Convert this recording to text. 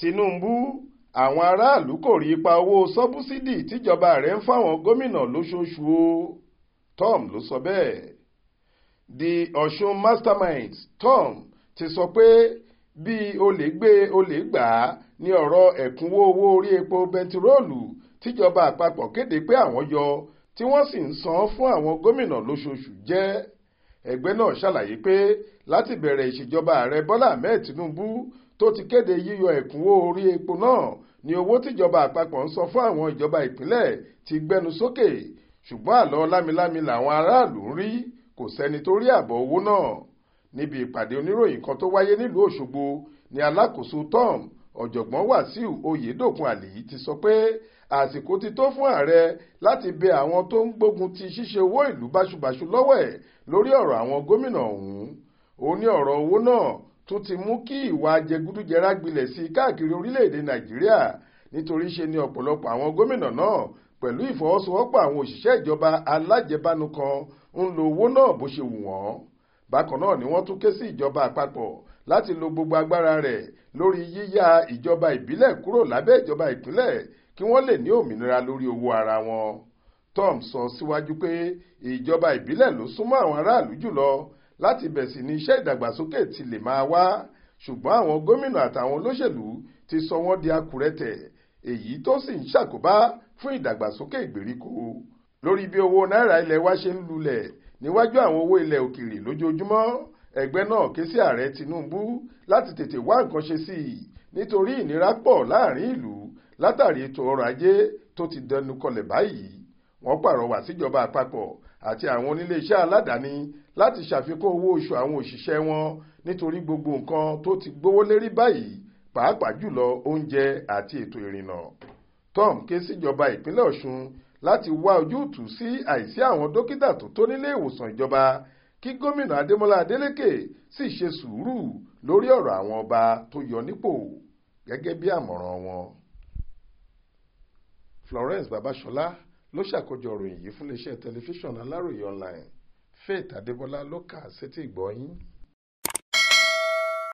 Tinubu àwọn aráàlú kò rí ipa owó sọ́búsídì tíjọba rẹ̀ ń fáwọn gómìnà lóṣooṣù o Tom ló sọ bẹ́ẹ̀ the Ọ̀ṣun mastermind Tom ti sọ pé bí olè gbé olè gbà á ní ọ̀rọ̀ ẹ̀kúnwó owó orí epo bẹntiróòlù tíjọba àpapọ̀ kéde pé àwọn yọ tí wọ́n sì ń san fún àwọn gómìnà lóṣooṣù jẹ́ ẹgbẹ́ náà ṣàlàyé pé láti bẹ̀rẹ̀ ìṣèjọba ààrẹ Bọ́lá Ahmed Tinubu tó ti kéde yíyọ ẹ̀kúnwó orí epo náà ni owó tíjọba àpapọ̀ ń sọ fún àwọn ìjọba ìpínlẹ̀ ti gbẹnu sókè ṣùgbọ́n àlọ́ lámilámi làwọn aráàlú ń rí kò sẹ́ni tó rí àbọ̀ owó náà níbi ìpàdé oníròyìn kan tó wáyé nílùú Òṣogbo ni alákòóso tom ọ̀jọ̀gbọ́n Wàsíù Oyèdòkun Àlì ti sọ pé àsìkò ti tó fún ààrẹ láti bẹ àwọn tó ń gbógun ti ṣíṣe owó ìlú báṣubàṣu lọ́wọ́ ẹ̀ lórí ọ̀rọ̀ àwọn gómìnà ọ̀hún ó ní ọ̀rọ̀ owó náà tó ti mú kí ìwà jẹgúdújẹrá gbilẹ̀ sí káàkiri orílẹ̀-èdè nàìjíríà nítorí ṣe ni ọ̀pọ̀lọpọ̀ àwọn gómìnà náà pẹ̀lú ìfọwọ́sowọ́pọ̀ àwọn òṣìṣẹ́ ìjọba alájẹbánu kan ń lo owó náà bó ṣe wù wọ́n bákan náà ni wọ́n tún ké sí ìjọba àpapọ̀ láti lo gbogbo agbára rẹ̀ lórí yíyá ìjọba ìbílẹ̀ kúrò lábẹ́ ìjọba ìpínlẹ̀ kí wọ́n lè ní òmìnira lórí owó ara wọn Tom sọ síwájú pé ìjọba ìbílẹ̀ ló súnmọ́ àwọn aráàlú jùlọ láti bẹ̀ sí ni iṣẹ́ ìdàgbàsókè ti lè máa wá ṣùgbọ́n àwọn gómìnà àtàwọn olóṣèlú ti sọ wọ́n di akùrẹ́tẹ̀ èyí tó sì ń ṣàkóbá fún ìdàgbàsókè ìgbèríko lórí bí owó náírà ilẹ̀ wa ṣe ń lulẹ̀ níwájú àwọn owó ilẹ̀ òkèèrè lójoojúmọ́ ẹgbẹ́ náà ké sí ààrẹ Tinubu láti tètè wá nǹkan ṣe sí i nítorí ìnira pọ̀ láàrin ìlú látàrí ètò ọrọ̀ ajé tó ti dẹnu kọlẹ̀ báyìí wọ́n pàrọwà síjọba àpapọ̀ àti àwọn oníléeṣẹ́ aládàáni láti ṣàfikún owó oṣù àwọn òṣìṣẹ́ wọn nítorí gbogbo nǹkan tó ti gbówó lérí báyìí pàápàá jùlọ oúnjẹ àti ètò ìrìnnà. Tom ké síjọba ìpínlẹ̀ Ọ̀ṣun láti wá ojútùú sí àìsí àwọn dókítà tó tó nílé ìwòsàn ìjọba kí gómìnà Adémọ́lá Adélékè sì ṣe sùúrù lórí ọ̀rọ̀ àwọn ọba tó yọ nípò gẹ́gẹ́ bí àmọ̀ràn wọn. Florence Babasola ló ṣàkójọ ìròyìn yìí fún iléeṣẹ́ tẹlifíṣàn aláròye online faith adébọlá ló kà á sétí ìgbọ́